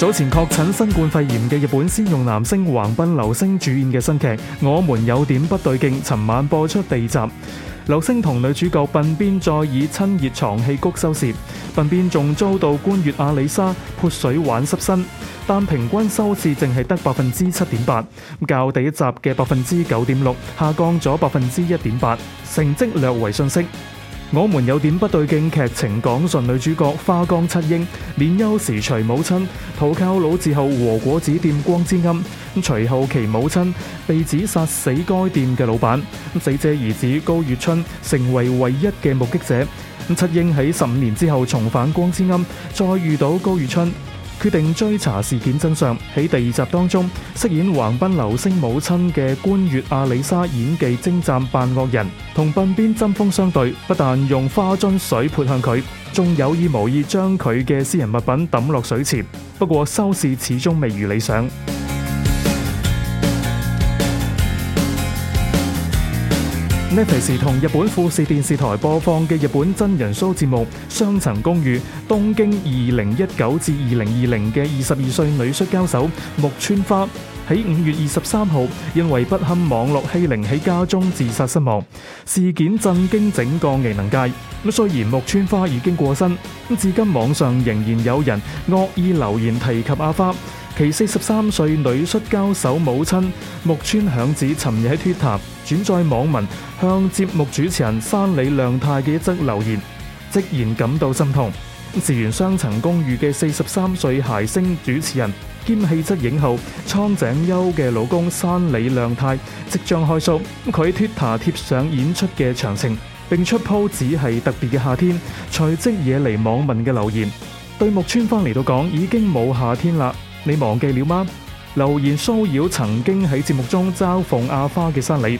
早前確診新冠肺炎嘅日本先用男星橫濱流星主演嘅新劇《我們有點不對勁》，尋晚播出第二集。流星同女主角濱邊再以親熱床戲谷收視，濱邊仲遭到觀月阿里莎潑水玩濕身，但平均收視淨係得百分之七點八，較第一集嘅百分之九點六下降咗百分之一點八，成績略為遜色。我們有點不對勁，劇情講述女主角花崗七英年幼時隨母親，投靠老字號和果子店光之庵。咁隨後其母親被指殺死該店嘅老闆，死者兒子高月春成為唯一嘅目擊者。七英喺十五年之後重返光之庵，再遇到高月春。決定追查事件真相。喺第二集當中，飾演橫濱流星母親嘅觀月阿里莎演技精湛，扮惡人，同濱邊針鋒相對，不但用花樽水潑向佢，仲有意無意將佢嘅私人物品抌落水池。不過收視始終未如理想。Netflix 同日本富士電視台播放嘅日本真人 show 節目《雙層公寓》東京二零一九至二零二零嘅二十二歲女摔跤手木村花喺五月二十三號，因為不堪網絡欺凌喺家中自殺身亡，事件震驚整個藝能界。咁雖然木村花已經過身，至今網上仍然有人惡意留言提及阿花，其四十三歲女摔跤手母親木村響子尋日喺 Twitter 轉載網民向節目主持人山里亮太嘅一則留言，直言感到心痛。自完雙層公寓嘅四十三歲諧星主持人兼氣質影后蒼井優嘅老公山里亮太，即將開 show，咁佢喺 Twitter 貼上演出嘅詳情。並出鋪只係特別嘅夏天，隨即惹嚟網民嘅留言。對木村花嚟到講，已經冇夏天啦，你忘記了嗎？留言騷擾曾經喺節目中嘲諷阿花嘅山里。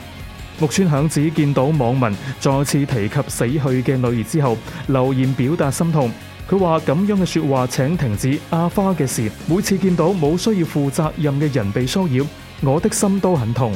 木村響子，見到網民再次提及死去嘅女兒之後，留言表達心痛。佢話：咁樣嘅説話請停止。阿花嘅事，每次見到冇需要負責任嘅人被騷擾，我的心都很痛。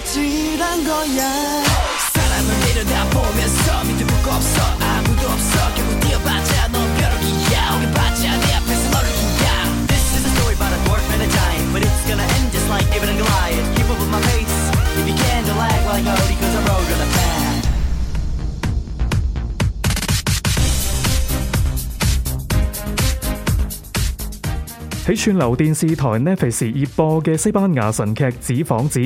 喺 behav 串流電視台 Netflix 熱播嘅西班牙神劇《紙房子》。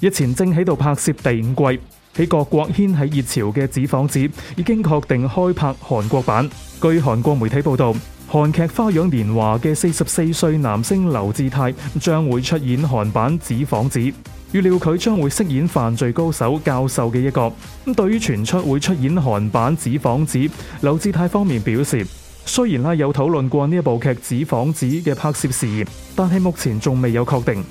日前正喺度拍攝第五季，喺各國掀起熱潮嘅《紙房子》已經確定開拍韓國版。據韓國媒體報道，韓劇《花樣年華》嘅四十四歲男星劉智泰將會出演韓版《紙房子》。預料佢將會飾演犯罪高手教授嘅一角。咁對於傳出會出演韓版《紙房子》，劉智泰方面表示，雖然啦有討論過呢一部劇《紙房子》嘅拍攝事宜，但係目前仲未有確定。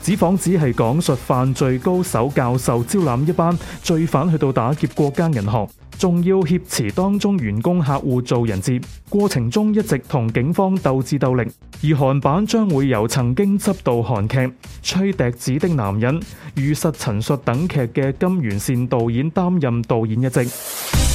此房只係講述犯罪高手教授招攬一班罪犯去到打劫國家銀行，仲要挾持當中員工客戶做人質，過程中一直同警方鬥智鬥力。而韓版將會由曾經執導韓劇《吹笛子的男人》、《如實陳述》等劇嘅金元善導演擔任導演一職。